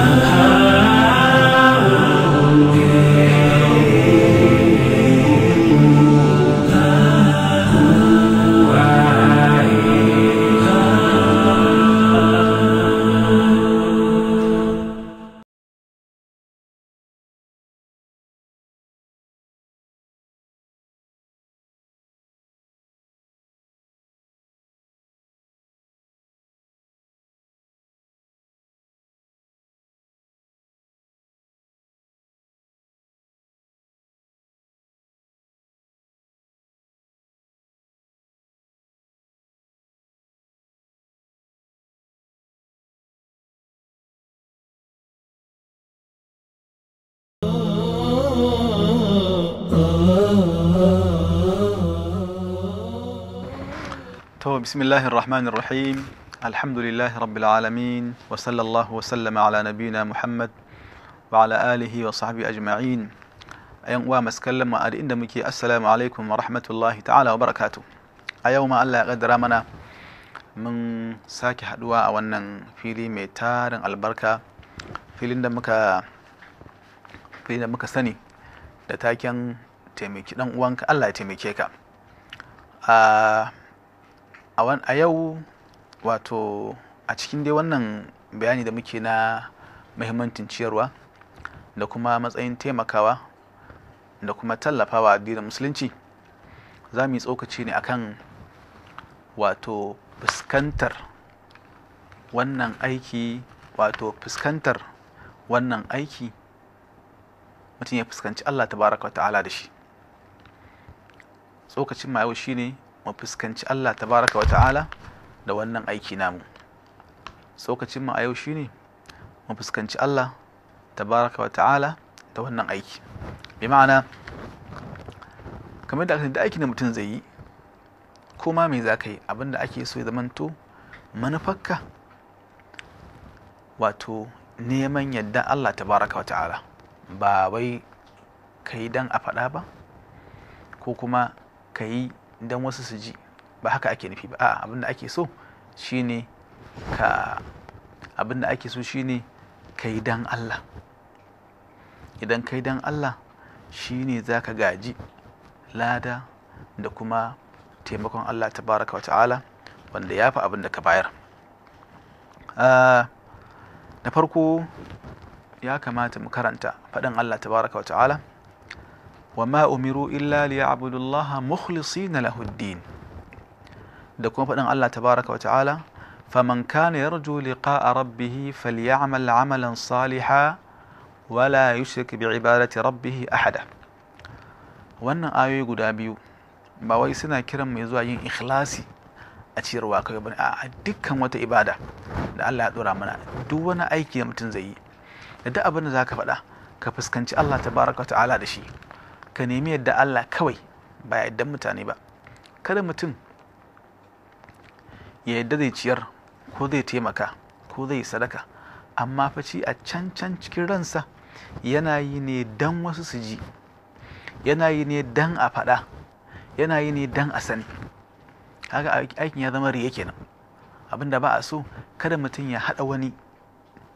Love. تو بسم الله الرحمن الرحيم الحمد لله رب العالمين وصلى الله وسلم على نبينا محمد وعلى آله وصحبه أجمعين أيام وامس سكلم وأرئن مكي السلام عليكم ورحمة الله تعالى وبركاته أيوم ألا قدر منا من ساكي حدوا أولا لي ميتار البركة في لي muka في da muka sani da taken taimaki dan uwanka Allah ya taimake ka a yau wato a cikin dai wannan bayani da muke na muhimmancin ciyarwa da kuma matsayin taimakawa da kuma tallafawa addinin musulunci za mu yi tsokaci ne akan wato fuskantar wannan aiki wato fuskantar wannan aiki mutum ya fuskanci allah tabaraka wa ta'ala da shi tsokacin ma yau shine mu fuskanci Allah baraka wa ta'ala da wannan aiki namu Saukacin mu a yau shine mu fuskanci Allah baraka wa ta'ala da wannan aiki bi ma'ana kamar da aka aiki na mutum zai yi ko ma me za ka yi abinda ake so ya zamanto manufarka wato neman yadda Allah Ta baraka wa ta'ala ba wai ka yi don a faɗa ba ko kuma ka yi don wasu su ji ba haka ake nufi ba a'a abin ake so shine ka abin da ake so shine ka yi dan Allah idan ka yi dan Allah shine za ka gaji lada da kuma taimakon Allah tabaraka wa ta'ala wanda ya fi abin da ka bayar ah, Na farko ya kamata mu karanta faɗin Allah tabaraka wa ta'ala wa ma umiru illa liya'budullaha mukhlisina lahuddin da kuma faɗin Allah tabaraka wa ta'ala faman kana yarju liqa'a rabbih falyamal amalan saliha wala yushrik bi ibadati rabbih ahada wannan ayoyi guda biyu ba wai suna kiran mai zuwa yin iklasi a ciyarwa kai bane a dukkan wata ibada da Allah ya mana duk wani aiki da mutum zai yi da duk abin da zaka faɗa ka fuskanci Allah tabaraka wa ta'ala da shi ka nemi yadda Allah kawai ba yadda mutane ba kada mutum ya yadda zai ciyar ko zai taimaka ko zai sadaka amma faci a can can cikin ransa yana yi ne dan wasu su ji yana yi ne dan a faɗa yana yi ne dan a sani haka aikin ya zama riya kenan abinda ba a so kada mutum ya haɗa wani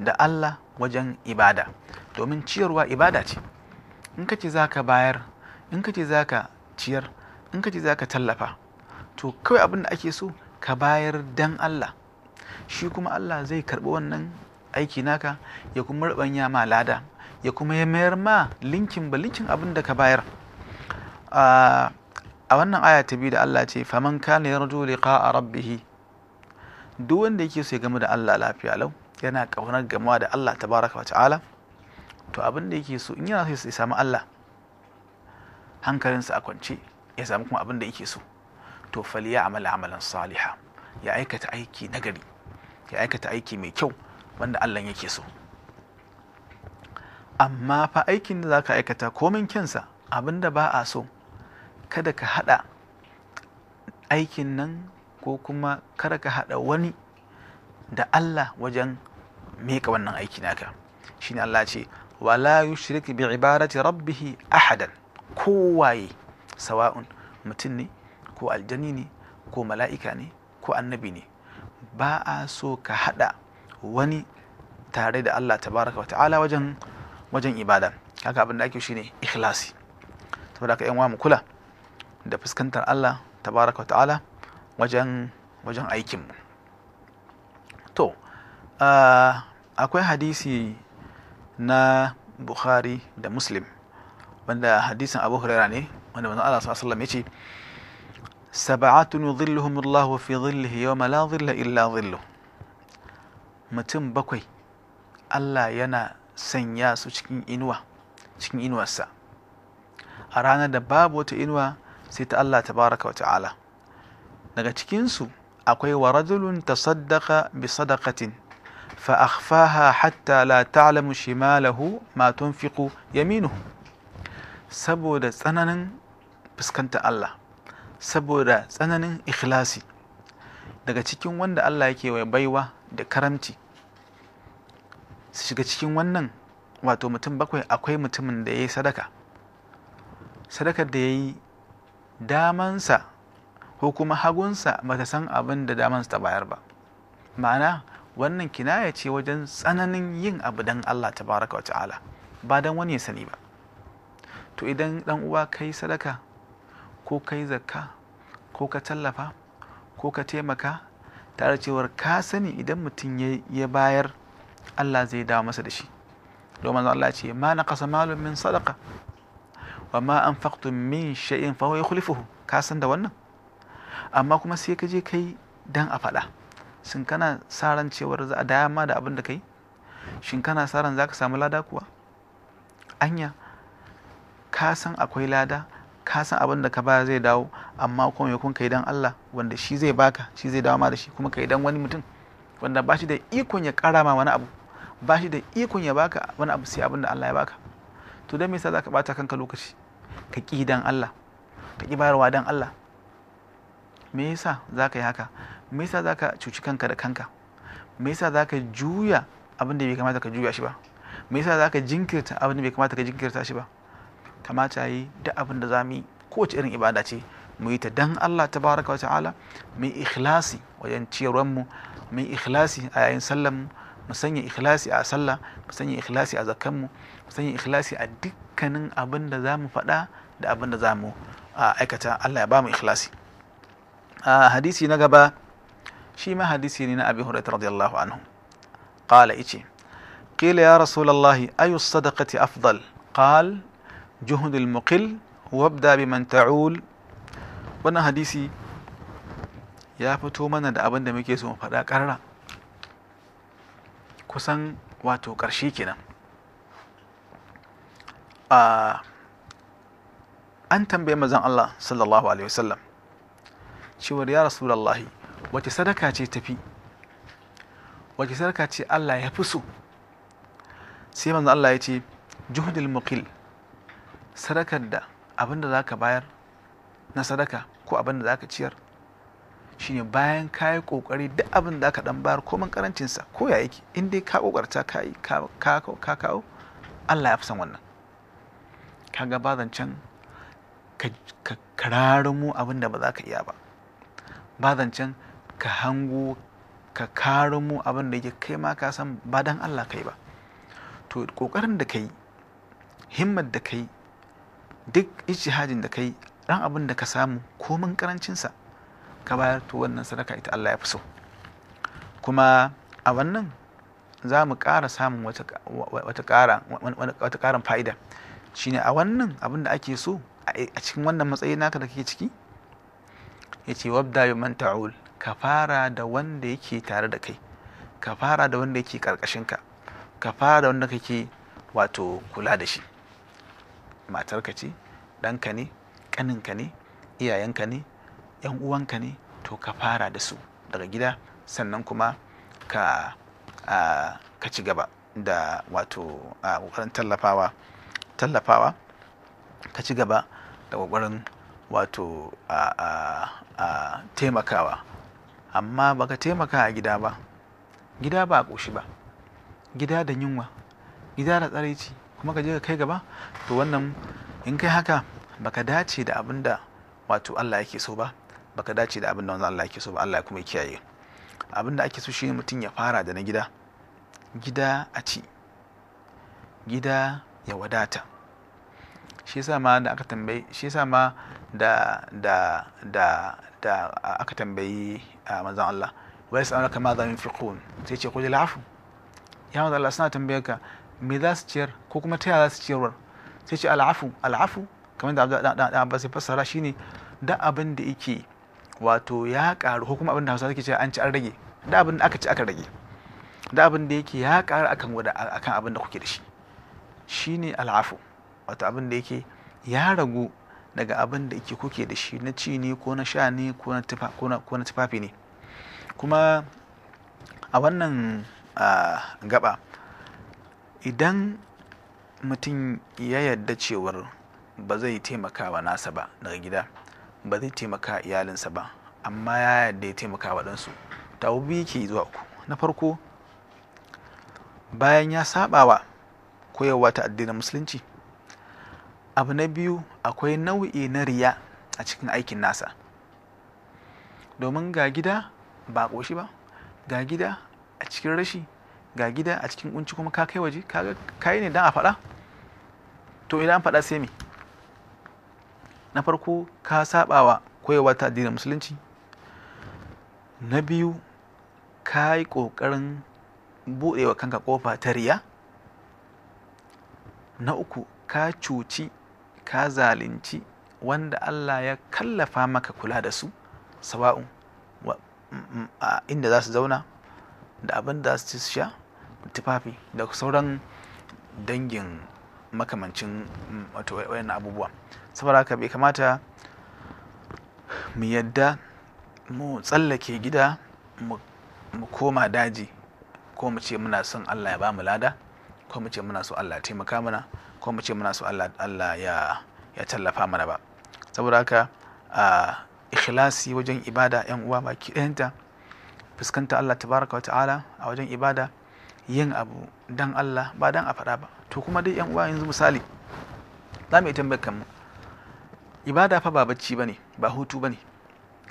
da Allah wajen ibada domin ciyarwa ibada ce in ka ce za ka bayar in ka ce za ka ciyar in ka ce za ka tallafa to kawai abin da ake so ka bayar dan Allah shi kuma Allah zai karɓi wannan aiki naka ya kuma rubanya ma lada ya kuma ya mayar ma linkin ba linkin abin da ka bayar a wannan aya ta biyu da Allah ce faman kana yarju liqa'a rabbih duk wanda yake so ya gamu da Allah lafiya lau yana ƙaunar gamuwa da Allah tabaraka wa ta'ala to abin da yake so in yana so ya samu Allah hankalinsa a kwance ya samu kuma abin da yake so to ya amala amalan saliha ya aikata aiki nagari ya aikata aiki mai kyau wanda Allah yake so amma fa aikin da za ka aikata komin kyansa abin da ba a so kada ka hada aikin nan ko kuma kada ka hada wani da Allah wajen meka wannan aiki naka shi ne Allah ce wala yushrik bi ibadati rabbihi ahadan kowaye sawa'un mutum ne ko aljani ne ko mala'ika ne ko annabi ne ba a so ka hada wani tare da Allah tabaraka wata'ala wajen wajen ibada haka abin da ake shine ikhlasi saboda haka yan mu kula da fuskantar Allah tabaraka wata'ala wajen wajen aikin mu to ah, akwai hadisi na bukhari da muslim wanda hadisin abu huraira ne wanda manzon Allah sallallahu alaihi yace sab'atun yudhilluhum Allah fi dhillihi yawma la dhilla illa dhillu mutum bakwai Allah yana sanya su cikin inuwa cikin inuwarsa a ranar da babu wata inuwa sai ta Allah tabaraka wa ta'ala daga cikinsu akwai wa rajulun tasaddaqa bi sadaqatin فأخفاها hatta la ta'lamu shimalahu ma tunfiqu yaminuhu saboda tsananin fuskanta Allah saboda tsananin ikhlasi daga cikin wanda Allah yake wa baiwa da karamci su shiga cikin wannan wato mutum bakwai akwai mutumin da ya yi sadaka sadakar da ya yi damansa ko kuma hagunsa ba ta san abin da damansa ta bayar ba ma'ana wannan kinaya ce wajen tsananin yin abu dan Allah tabaraka wa ta'ala ba dan wani ya sani ba to idan dan uwa ka yi sadaka ko ka yi zakka ko ka tallafa ko ka taimaka tare cewar ka sani idan mutum ya bayar Allah zai dawo masa da shi domin Allah ce ma na kasa malum min sadaka wa ma an faktun min sha'in fa ya ka san da wannan amma kuma sai ka je kai dan a faɗa shin kana sa ran cewar za a daya ma da abin da kai shin kana sa ran za ka samu lada kuwa anya ka san akwai lada ka san abin da ka ba zai dawo amma kuma yakun kai dan Allah wanda shi zai baka shi zai dawo ma da shi kuma kai dan wani mutum wanda ba shi da ikon ya kara ma wani abu ba shi da ikon ya baka wani abu sai abin da Allah ya baka to dan me yasa zaka bata kanka lokaci ka ki dan Allah ka ki bayarwa dan Allah me yasa za ka yi haka me yasa za ka cuci kanka da kanka me yasa za ka juya abin da bai kamata ka juya shi ba me yasa za ka jinkirta abin da bai kamata ka jinkirta shi ba kamata yi duk abin da za mu yi kowace irin ibada ce mu yi ta dan Allah ta baraka wa ta'ala mu yi ikhlasi wajen ciyarwar mu mu yi ikhlasi a yayin sallar mu mu sanya ikhlasi a sallah mu sanya ikhlasi a zakkan mu mu sanya ikhlasi a dukkanin abin da za mu faɗa da abin da za mu aikata Allah ya ba mu ikhlasi Ah, hadisi na gaba shi ma hadisi ne na abi hurairah radiyallahu anhu qala ice qila ya rasulalahi ayu sadakati afdal qal جهد المقل وابدا بمن تعول wannan hadisi ya fito mana da abin da muke so mu faɗa kara kusan wato ƙarshe kenan ah, an tambaye mazan Allah sallallahu alaihi wasallam cewar ya rasulallahi wace sadaka ce tafi wace sadaka ce Allah ya fi so sai manzo Allah ya ce juhdil muqil sadakar da abin da zaka bayar na sadaka ko abin da zaka ciyar shine bayan ka yi kokari duk abin da ka dan bayar komin karancin sa ko ya yake in dai ka kokarta ka yi ka kawo Allah ya fi san wannan kaga ba zancen ka kararumo abin da ba za ka iya ba ba zancen ka hango ka karo mu abin da yake kai ma ka san ba dan Allah kai ba to kokarin da kai himmar da kai duk ijtihadin da kai ɗan abin da ka samu komin karancin sa ka bayar to wannan sadaka ita Allah ya fi so kuma a wannan za mu ƙara samun wata ƙaran fa'ida shine a wannan abin da ake so a cikin wannan matsayi naka da kake ciki ya ce wabda man ta'ul ka fara da wanda yake tare da kai ka fara da wanda yake karkashin ka ka fara da wanda kake wato kula da shi matarka ce ɗanka ne ka ne iyayenka ne yan uwanka ne to ka fara da su daga gida sannan kuma ka ka ci gaba da wato a tallafawa tallafawa ka ci gaba da kokarin wato a taimakawa amma baka taimaka a gida ba gida ba a ƙoshi ba gida da yunwa gida da tsaraici kuma ka je ka kai gaba to wannan in kai haka baka dace da abin da wato Allah yake so ba baka dace da abin da Allah yake so ba Allah kuma kiyaye abin da ake so shi mutum ya fara da na gida gida a ci gida ya wadata shi yasa ma da aka tambayi shi yasa ma da da da da aka tambayi manzon Allah sai Allah kama zamin fiqun sai ce qul lafu ya manzon Allah suna tambayar ka me za su ciyar ko kuma ta yaya za su ciyarwar sai ce al'afu al'afu kamar da Abdullahi Abbas ya fassara shine da abin da yake wato ya karu ko kuma abin da Hausa take cewa an ci an rage da abin da aka ci aka rage da abin da yake ya karu akan akan abin da kuke da shi shine al'afu wato abin da yake ya ragu daga abin da yake kuke da shi na ci ne ko na sha ne ko na tufafi ne kuma a wannan gaba idan mutum ya yarda cewar ba zai taimaka wa nasa ba daga gida ba zai taimaka iyalinsa ba amma ya yarda ya taimaka wa ɗansu ta biyu ke zuwa ku na farko bayan ya saɓawa koyarwa ta addinin musulunci abu na biyu akwai nau'i na riya a cikin aikin nasa domin ga gida ba ƙoshi ba ga gida a cikin rashi ga gida a cikin kunci kuma ka kai waje ka yi ne don a faɗa to idan an faɗa sai me na farko ka saba wa koyarwa ta addinin musulunci na biyu ka yi ƙoƙarin buɗewa kanka ƙofa ta riya na uku ka cuci ka zalunci wanda Allah ya kallafa maka kula da su sawa'un mm, mm, inda za su zauna da abin da za su ci su sha tufafi da sauran dangin makamancin mm, wato wayan abubuwa saboda haka bai kamata mu yadda mu tsallake gida mu koma daji ko mu ce muna son Allah ya ba mu lada ko mu ce muna so Allah ya taimaka mana ko mu ce muna so Allah ya ya tallafa mana ba saboda haka a ikhlasi wajen ibada yan uwa baki ɗayanta fuskanta Allah tabaraka wa ta'ala a wajen ibada yin abu dan Allah ba dan a faɗa ba to kuma dai yan uwa yanzu misali za mu yi tambayar kanmu ibada fa ba bacci bane ba hutu bane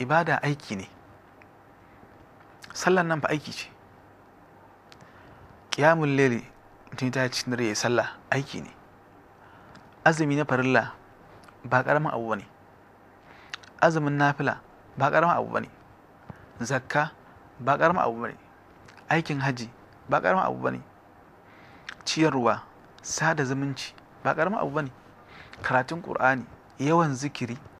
ibada aiki ne sallan nan fa aiki ce kiyamul lele mutum ya cikin dare ya sallah aiki ne azumi na farilla ba karamin abu ne azumin nafila ba karamin abu ne zakka ba karamin abu ne aikin haji ba karamin abu ne ciyarwa sada zumunci ba karamin abu ne karatun qur'ani yawan zikiri